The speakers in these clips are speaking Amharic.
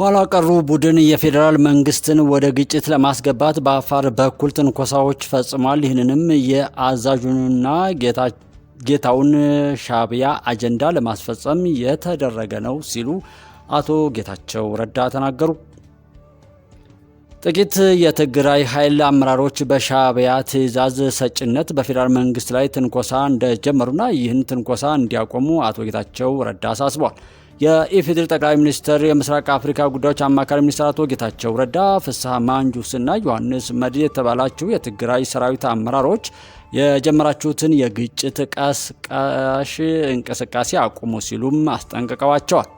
ኋላ ቀሩ ቡድን የፌዴራል መንግስትን ወደ ግጭት ለማስገባት በአፋር በኩል ትንኮሳዎች ፈጽሟል። ይህንንም የአዛዡንና ጌታውን ሻቢያ አጀንዳ ለማስፈጸም የተደረገ ነው ሲሉ አቶ ጌታቸው ረዳ ተናገሩ። ጥቂት የትግራይ ኃይል አመራሮች በሻቢያ ትዕዛዝ ሰጭነት በፌዴራል መንግስት ላይ ትንኮሳ እንደጀመሩና ይህን ትንኮሳ እንዲያቆሙ አቶ ጌታቸው ረዳ አሳስቧል። የኢፌዴሪ ጠቅላይ ሚኒስትር የምስራቅ አፍሪካ ጉዳዮች አማካሪ ሚኒስትር አቶ ጌታቸው ረዳ፣ ፍስሐ ማንጁስና ዮሐንስ መድ የተባላችሁ የትግራይ ሰራዊት አመራሮች የጀመራችሁትን የግጭት ቀስቃሽ እንቅስቃሴ አቁሙ ሲሉም አስጠንቅቀዋቸዋል።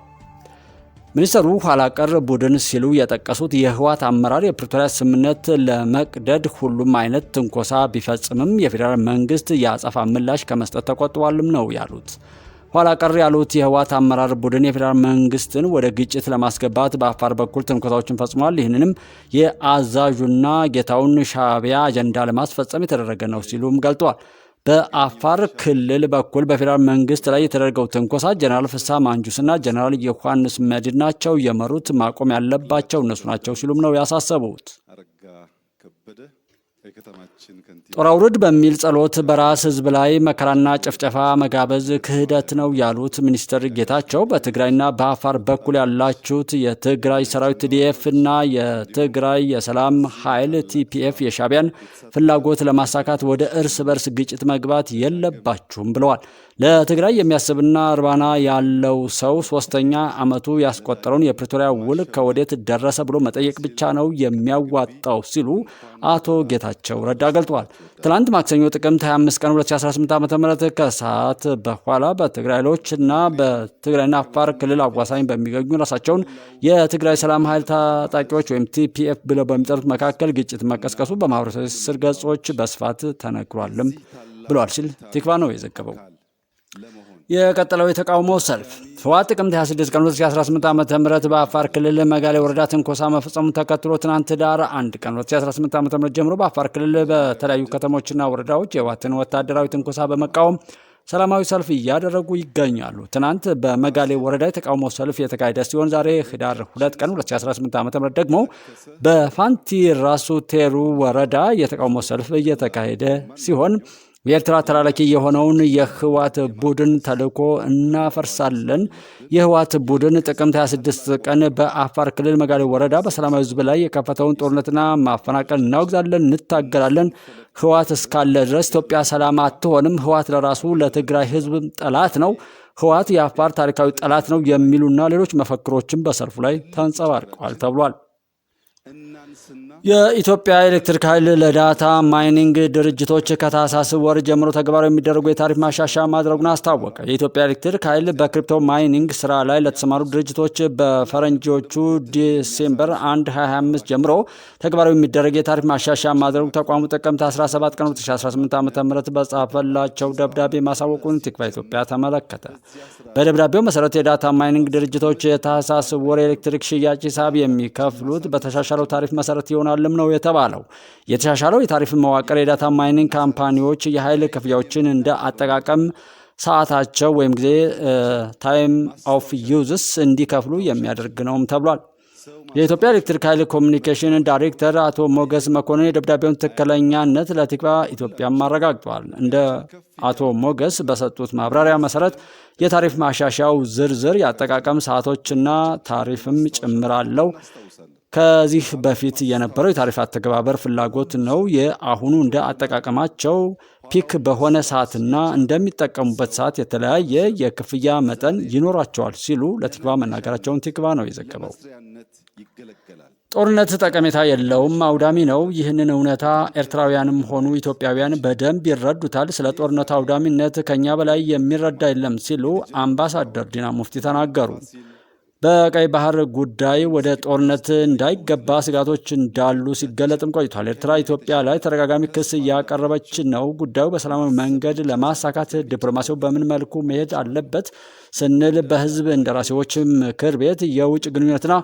ሚኒስትሩ ኋላ ቀር ቡድን ሲሉ የጠቀሱት የህወሓት አመራር የፕሪቶሪያ ስምምነት ለመቅደድ ሁሉም አይነት ትንኮሳ ቢፈጽምም የፌዴራል መንግስት የአጸፋ ምላሽ ከመስጠት ተቆጥቧልም ነው ያሉት። ኋላ ቀር ያሉት የህወሓት አመራር ቡድን የፌዴራል መንግስትን ወደ ግጭት ለማስገባት በአፋር በኩል ትንኮታዎችን ፈጽሟል። ይህንንም የአዛዡና ጌታውን ሻቢያ አጀንዳ ለማስፈጸም የተደረገ ነው ሲሉም ገልጠዋል። በአፋር ክልል በኩል በፌዴራል መንግስት ላይ የተደረገው ትንኮሳ ጀነራል ፍስሐ ማንጁስና ጀነራል ዮሐንስ መድድ ናቸው የመሩት፣ ማቆም ያለባቸው እነሱ ናቸው ሲሉም ነው ያሳሰቡት። ጦር አውርድ በሚል ጸሎት በራስ ህዝብ ላይ መከራና ጭፍጨፋ መጋበዝ ክህደት ነው ያሉት ሚኒስትር ጌታቸው በትግራይና በአፋር በኩል ያላችሁት የትግራይ ሰራዊት ቲዲኤፍ እና የትግራይ የሰላም ኃይል ቲፒኤፍ የሻቢያን ፍላጎት ለማሳካት ወደ እርስ በርስ ግጭት መግባት የለባችሁም ብለዋል። ለትግራይ የሚያስብና እርባና ያለው ሰው ሶስተኛ ዓመቱ ያስቆጠረውን የፕሪቶሪያ ውል ከወዴት ደረሰ ብሎ መጠየቅ ብቻ ነው የሚያዋጣው ሲሉ አቶ ጌታቸው ረዳ ገልጠዋል። ትላንት ማክሰኞ ጥቅምት 25 ቀን 2018 ዓ ም ከሰዓት በኋላ በትግራይ ኃይሎች እና በትግራይና አፋር ክልል አዋሳኝ በሚገኙ ራሳቸውን የትግራይ ሰላም ኃይል ታጣቂዎች ወይም ቲፒኤፍ ብለው በሚጠሩት መካከል ግጭት መቀስቀሱ በማህበረሰብ ስር ገጾች በስፋት ተነግሯልም ብሏል ሲል ቲክቫ ነው የዘገበው። የቀጠለው የተቃውሞ ሰልፍ ህወሓት ጥቅምት 26 ቀን 2018 ዓ ም በአፋር ክልል መጋሌ ወረዳ ትንኮሳ መፈጸሙን ተከትሎ ትናንት ዳር 1 ቀን 2018 ዓ ም ጀምሮ በአፋር ክልል በተለያዩ ከተሞችና ወረዳዎች የህወሓትን ወታደራዊ ትንኮሳ በመቃወም ሰላማዊ ሰልፍ እያደረጉ ይገኛሉ። ትናንት በመጋሌ ወረዳ የተቃውሞ ሰልፍ የተካሄደ ሲሆን ዛሬ ህዳር 2 ቀን 2018 ዓ ም ደግሞ በፋንቲ ራሱ ቴሩ ወረዳ የተቃውሞ ሰልፍ እየተካሄደ ሲሆን የኤርትራ ተላላኪ የሆነውን የህዋት ቡድን ተልኮ እናፈርሳለን። የህዋት ቡድን ጥቅምት 26 ቀን በአፋር ክልል መጋሌ ወረዳ በሰላማዊ ህዝብ ላይ የከፈተውን ጦርነትና ማፈናቀል እናወግዛለን፣ እንታገላለን። ህዋት እስካለ ድረስ ኢትዮጵያ ሰላም አትሆንም። ህዋት ለራሱ ለትግራይ ህዝብ ጠላት ነው። ህዋት የአፋር ታሪካዊ ጠላት ነው የሚሉና ሌሎች መፈክሮችም በሰልፉ ላይ ተንጸባርቀዋል ተብሏል። የኢትዮጵያ ኤሌክትሪክ ኃይል ለዳታ ማይኒንግ ድርጅቶች ከታህሳስ ወር ጀምሮ ተግባራዊ የሚደረጉ የታሪፍ ማሻሻያ ማድረጉን አስታወቀ። የኢትዮጵያ ኤሌክትሪክ ኃይል በክሪፕቶ ማይኒንግ ስራ ላይ ለተሰማሩ ድርጅቶች በፈረንጆቹ ዲሴምበር 1 25 ጀምሮ ተግባራዊ የሚደረግ የታሪፍ ማሻሻያ ማድረጉ ተቋሙ ጥቅምት 17 ቀን 2018 ዓ ም በጻፈላቸው ደብዳቤ ማሳወቁን ቲክቫ ኢትዮጵያ ተመለከተ። በደብዳቤው መሰረት የዳታ ማይኒንግ ድርጅቶች የታህሳስ ወር ኤሌክትሪክ ሽያጭ ሂሳብ የሚከፍሉት በተሻሻለው ታሪፍ መሰረት ይሆናል ይሆናልም ነው የተባለው። የተሻሻለው የታሪፍ መዋቅር የዳታ ማይኒንግ ካምፓኒዎች የኃይል ክፍያዎችን እንደ አጠቃቀም ሰዓታቸው ወይም ጊዜ ታይም ኦፍ ዩዝስ እንዲከፍሉ የሚያደርግ ነውም ተብሏል። የኢትዮጵያ ኤሌክትሪክ ኃይል ኮሚኒኬሽን ዳይሬክተር አቶ ሞገስ መኮንን የደብዳቤውን ትክክለኛነት ለቲክባ ኢትዮጵያም አረጋግጠዋል። እንደ አቶ ሞገስ በሰጡት ማብራሪያ መሰረት የታሪፍ ማሻሻያው ዝርዝር የአጠቃቀም ሰዓቶችና ታሪፍም ጭምር አለው። ከዚህ በፊት የነበረው የታሪፍ አተገባበር ፍላጎት ነው። የአሁኑ እንደ አጠቃቀማቸው ፒክ በሆነ ሰዓትና እንደሚጠቀሙበት ሰዓት የተለያየ የክፍያ መጠን ይኖራቸዋል ሲሉ ለቲክቫ መናገራቸውን ቲክቫ ነው የዘገበው። ጦርነት ጠቀሜታ የለውም፣ አውዳሚ ነው። ይህንን እውነታ ኤርትራውያንም ሆኑ ኢትዮጵያውያን በደንብ ይረዱታል። ስለ ጦርነት አውዳሚነት ከኛ በላይ የሚረዳ የለም ሲሉ አምባሳደር ዲና ሙፍቲ ተናገሩ። በቀይ ባህር ጉዳይ ወደ ጦርነት እንዳይገባ ስጋቶች እንዳሉ ሲገለጥም ቆይቷል። ኤርትራ ኢትዮጵያ ላይ ተደጋጋሚ ክስ እያቀረበች ነው። ጉዳዩ በሰላማዊ መንገድ ለማሳካት ዲፕሎማሲው በምን መልኩ መሄድ አለበት ስንል በህዝብ እንደራሴዎች ምክር ቤት የውጭ ግንኙነትና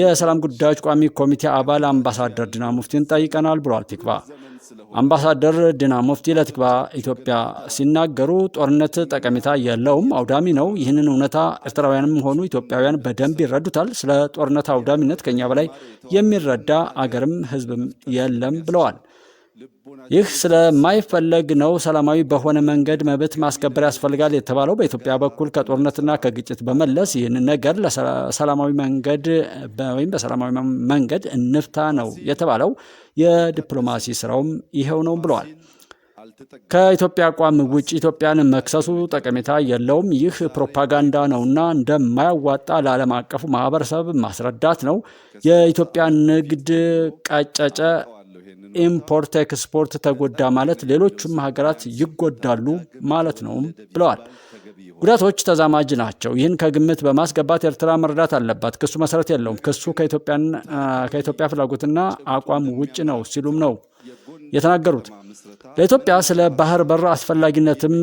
የሰላም ጉዳዮች ቋሚ ኮሚቴ አባል አምባሳደር ዲና ሙፍቲን ጠይቀናል ብሏል። ቲክቫ አምባሳደር ዲና ሙፍቲ ለቲክቫህ ኢትዮጵያ ሲናገሩ ጦርነት ጠቀሜታ የለውም፣ አውዳሚ ነው። ይህንን እውነታ ኤርትራውያንም ሆኑ ኢትዮጵያውያን በደንብ ይረዱታል። ስለ ጦርነት አውዳሚነት ከኛ በላይ የሚረዳ አገርም ህዝብም የለም ብለዋል። ይህ ስለማይፈለግ ነው ሰላማዊ በሆነ መንገድ መብት ማስከበር ያስፈልጋል የተባለው። በኢትዮጵያ በኩል ከጦርነትና ከግጭት በመለስ ይህን ነገር ለሰላማዊ መንገድ ወይም በሰላማዊ መንገድ እንፍታ ነው የተባለው። የዲፕሎማሲ ስራውም ይኸው ነው ብለዋል። ከኢትዮጵያ አቋም ውጭ ኢትዮጵያን መክሰሱ ጠቀሜታ የለውም። ይህ ፕሮፓጋንዳ ነውና እንደማያዋጣ ለዓለም አቀፉ ማህበረሰብ ማስረዳት ነው። የኢትዮጵያ ንግድ ቀጨጨ ኢምፖርት ኤክስፖርት ተጎዳ ማለት ሌሎቹም ሀገራት ይጎዳሉ ማለት ነውም ብለዋል። ጉዳቶች ተዛማጅ ናቸው። ይህን ከግምት በማስገባት ኤርትራ መረዳት አለባት። ክሱ መሰረት የለውም። ክሱ ከኢትዮጵያ ፍላጎትና አቋም ውጭ ነው ሲሉም ነው የተናገሩት። ለኢትዮጵያ ስለ ባህር በር አስፈላጊነትም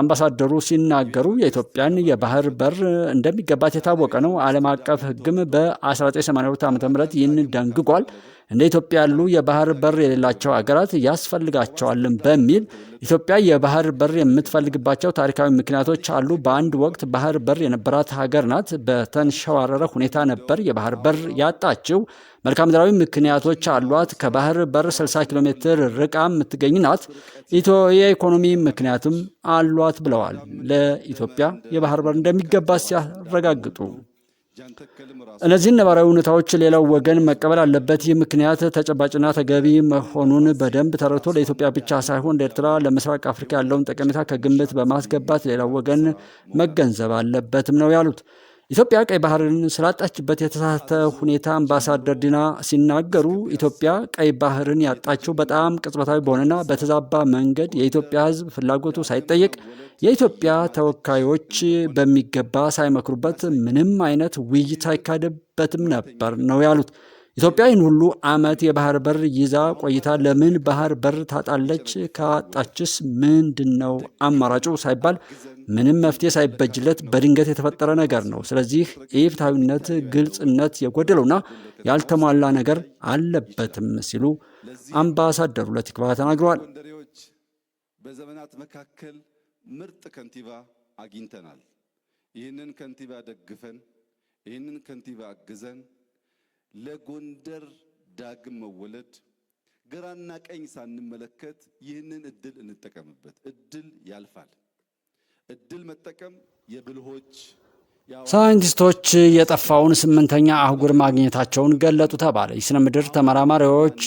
አምባሳደሩ ሲናገሩ የኢትዮጵያን የባህር በር እንደሚገባት የታወቀ ነው። ዓለም አቀፍ ሕግም በ1982 ዓ ም ይህን ደንግጓል። እንደ ኢትዮጵያ ያሉ የባህር በር የሌላቸው ሀገራት ያስፈልጋቸዋልን በሚል ኢትዮጵያ የባህር በር የምትፈልግባቸው ታሪካዊ ምክንያቶች አሉ። በአንድ ወቅት ባህር በር የነበራት ሀገር ናት። በተንሸዋረረ ሁኔታ ነበር የባህር በር ያጣችው። መልካም ምድራዊ ምክንያቶች አሏት። ከባህር በር 60 ኪሎ ሜትር ርቃ የምትገኝ ናት። የኢኮኖሚ ምክንያትም አሏት ብለዋል። ለኢትዮጵያ የባህር በር እንደሚገባ ሲያረጋግጡ እነዚህን ነባራዊ እውነታዎች ሌላው ወገን መቀበል አለበት። ይህ ምክንያት ተጨባጭና ተገቢ መሆኑን በደንብ ተረድቶ ለኢትዮጵያ ብቻ ሳይሆን ለኤርትራ፣ ለምስራቅ አፍሪካ ያለውን ጠቀሜታ ከግምት በማስገባት ሌላው ወገን መገንዘብ አለበትም ነው ያሉት። ኢትዮጵያ ቀይ ባህርን ስላጣችበት የተሳተ ሁኔታ አምባሳደር ዲና ሲናገሩ ኢትዮጵያ ቀይ ባህርን ያጣችው በጣም ቅጽበታዊ በሆነና በተዛባ መንገድ የኢትዮጵያ ሕዝብ ፍላጎቱ ሳይጠየቅ የኢትዮጵያ ተወካዮች በሚገባ ሳይመክሩበት ምንም አይነት ውይይት አይካሄድበትም ነበር ነው ያሉት። ኢትዮጵያን ሁሉ ዓመት የባህር በር ይዛ ቆይታ ለምን ባህር በር ታጣለች? ካጣችስ ምንድን ነው አማራጩ ሳይባል ምንም መፍትሄ ሳይበጅለት በድንገት የተፈጠረ ነገር ነው። ስለዚህ ኢፍትሐዊነት፣ ግልጽነት የጎደለውና ያልተሟላ ነገር አለበትም ሲሉ አምባሳደሩ ለቲክቫህ ተናግረዋል። በዘመናት መካከል ምርጥ ከንቲባ አግኝተናል። ይህንን ከንቲባ ደግፈን ይህንን ከንቲባ አግዘን ለጎንደር ዳግም መወለድ ግራና ቀኝ ሳንመለከት ይህንን እድል እንጠቀምበት። እድል ያልፋል። እድል መጠቀም የብልሆች ሳይንቲስቶች የጠፋውን ስምንተኛ አህጉር ማግኘታቸውን ገለጡ ተባለ። የስነ ምድር ተመራማሪዎች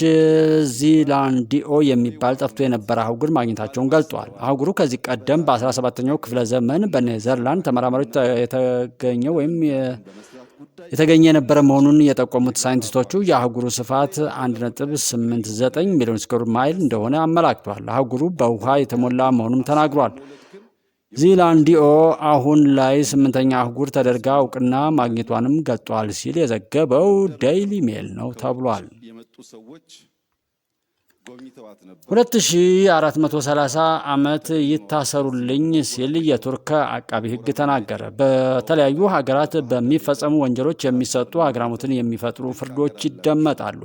ዚላንዲኦ የሚባል ጠፍቶ የነበረ አህጉር ማግኘታቸውን ገልጧል። አህጉሩ ከዚህ ቀደም በ17ኛው ክፍለ ዘመን በኔዘርላንድ ተመራማሪዎች የተገኘ ወይም የተገኘ የነበረ መሆኑን የጠቆሙት ሳይንቲስቶቹ የአህጉሩ ስፋት 1.89 ሚሊዮን ስኩር ማይል እንደሆነ አመላክቷል። አህጉሩ በውሃ የተሞላ መሆኑም ተናግሯል። ዚላንዲኦ አሁን ላይ ስምንተኛ አህጉር ተደርጋ እውቅና ማግኘቷንም ገልጧል ሲል የዘገበው ዴይሊ ሜል ነው ተብሏል። 2430 ዓመት ይታሰሩልኝ ሲል የቱርክ አቃቢ ሕግ ተናገረ። በተለያዩ ሀገራት በሚፈጸሙ ወንጀሎች የሚሰጡ አግራሞትን የሚፈጥሩ ፍርዶች ይደመጣሉ።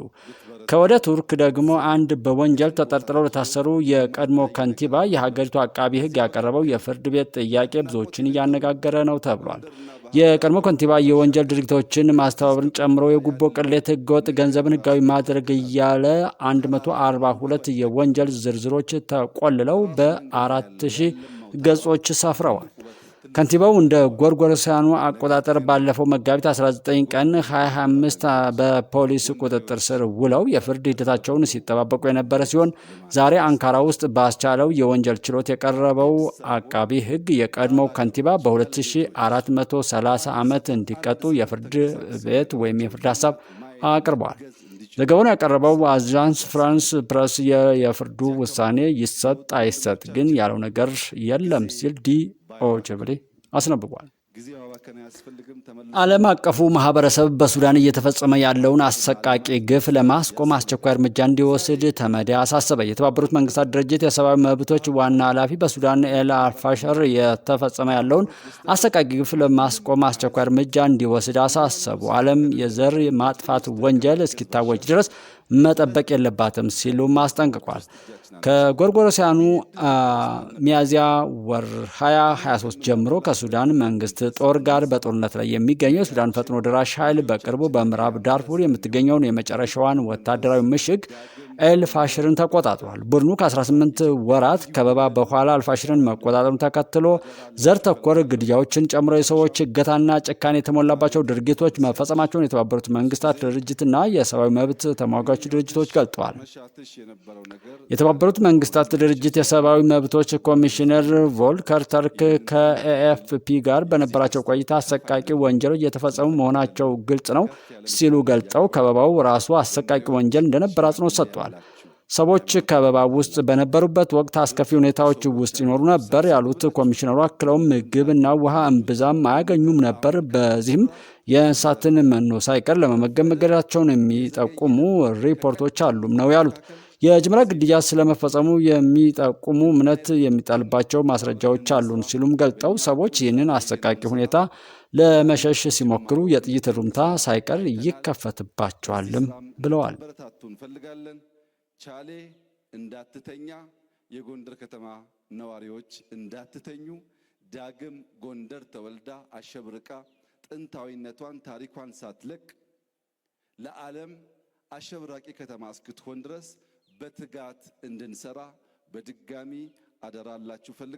ከወደ ቱርክ ደግሞ አንድ በወንጀል ተጠርጥረው ለታሰሩ የቀድሞ ከንቲባ የሀገሪቱ አቃቢ ሕግ ያቀረበው የፍርድ ቤት ጥያቄ ብዙዎችን እያነጋገረ ነው ተብሏል። የቀድሞ ከንቲባ የወንጀል ድርጊቶችን ማስተባበርን ጨምሮ የጉቦ ቅሌት፣ ህገወጥ ገንዘብን ህጋዊ ማድረግ እያለ 142 የወንጀል ዝርዝሮች ተቆልለው በአራት ሺህ ገጾች ሰፍረዋል። ከንቲባው እንደ ጎርጎሮሳውያኑ አቆጣጠር ባለፈው መጋቢት 19 ቀን 2025 በፖሊስ ቁጥጥር ስር ውለው የፍርድ ሂደታቸውን ሲጠባበቁ የነበረ ሲሆን ዛሬ አንካራ ውስጥ ባስቻለው የወንጀል ችሎት የቀረበው አቃቢ ሕግ የቀድሞው ከንቲባ በ2430 ዓመት እንዲቀጡ የፍርድ ቤት ወይም የፍርድ ሀሳብ አቅርበዋል። ዘገባውን ያቀረበው አዣንስ ፍራንስ ፕረስ የፍርዱ ውሳኔ ይሰጥ አይሰጥ ግን ያለው ነገር የለም ሲል ዲ ኦ ኦጀብሌ አስነብቧል። ዓለም አቀፉ ማህበረሰብ በሱዳን እየተፈጸመ ያለውን አሰቃቂ ግፍ ለማስቆም አስቸኳይ እርምጃ እንዲወስድ ተመድ አሳሰበ። የተባበሩት መንግስታት ድርጅት የሰብአዊ መብቶች ዋና ኃላፊ በሱዳን ኤል አልፋሸር እየተፈጸመ ያለውን አሰቃቂ ግፍ ለማስቆም አስቸኳይ እርምጃ እንዲወስድ አሳሰቡ። ዓለም የዘር ማጥፋት ወንጀል እስኪታወጅ ድረስ መጠበቅ የለባትም ሲሉም አስጠንቅቋል። ከጎርጎሮሲያኑ ሚያዝያ ወር 2023 ጀምሮ ከሱዳን መንግስት ጦር ጋር ሱዳን በጦርነት ላይ የሚገኘው ሱዳን ፈጥኖ ደራሽ ኃይል በቅርቡ በምዕራብ ዳርፉር የምትገኘውን የመጨረሻዋን ወታደራዊ ምሽግ ኤልፋሽርን ተቆጣጥሯል። ቡድኑ ከ18 ወራት ከበባ በኋላ ኤልፋሽርን መቆጣጠሩን ተከትሎ ዘር ተኮር ግድያዎችን ጨምሮ የሰዎች እገታና ጭካኔ የተሞላባቸው ድርጊቶች መፈጸማቸውን የተባበሩት መንግስታት ድርጅትና የሰብአዊ መብት ተሟጋች ድርጅቶች ገልጠዋል። የተባበሩት መንግስታት ድርጅት የሰብአዊ መብቶች ኮሚሽነር ቮልከር ተርክ ከኤኤፍፒ ጋር በነበራቸው ቆይታ አሰቃቂ ወንጀሎች እየተፈጸሙ መሆናቸው ግልጽ ነው ሲሉ ገልጠው ከበባው ራሱ አሰቃቂ ወንጀል እንደነበር አጽንኦት ሰጥቷል። ተናግረዋል። ሰዎች ከበባ ውስጥ በነበሩበት ወቅት አስከፊ ሁኔታዎች ውስጥ ይኖሩ ነበር ያሉት ኮሚሽነሩ አክለውም ምግብ እና ውሃ እምብዛም አያገኙም ነበር። በዚህም የእንስሳትን መኖ ሳይቀር ለመመገብ መገደዳቸውን የሚጠቁሙ ሪፖርቶች አሉም ነው ያሉት። የጅምላ ግድያ ስለመፈጸሙ የሚጠቁሙ እምነት የሚጣልባቸው ማስረጃዎች አሉን ሲሉም ገልጠው ሰዎች ይህንን አሰቃቂ ሁኔታ ለመሸሽ ሲሞክሩ የጥይት ሩምታ ሳይቀር ይከፈትባቸዋልም ብለዋል። ቻሌ እንዳትተኛ፣ የጎንደር ከተማ ነዋሪዎች እንዳትተኙ። ዳግም ጎንደር ተወልዳ አሸብርቃ ጥንታዊነቷን ታሪኳን ሳትለቅ ለዓለም አሸብራቂ ከተማ እስክትሆን ድረስ በትጋት እንድንሰራ በድጋሚ አደራላችሁ ፈልጋለሁ።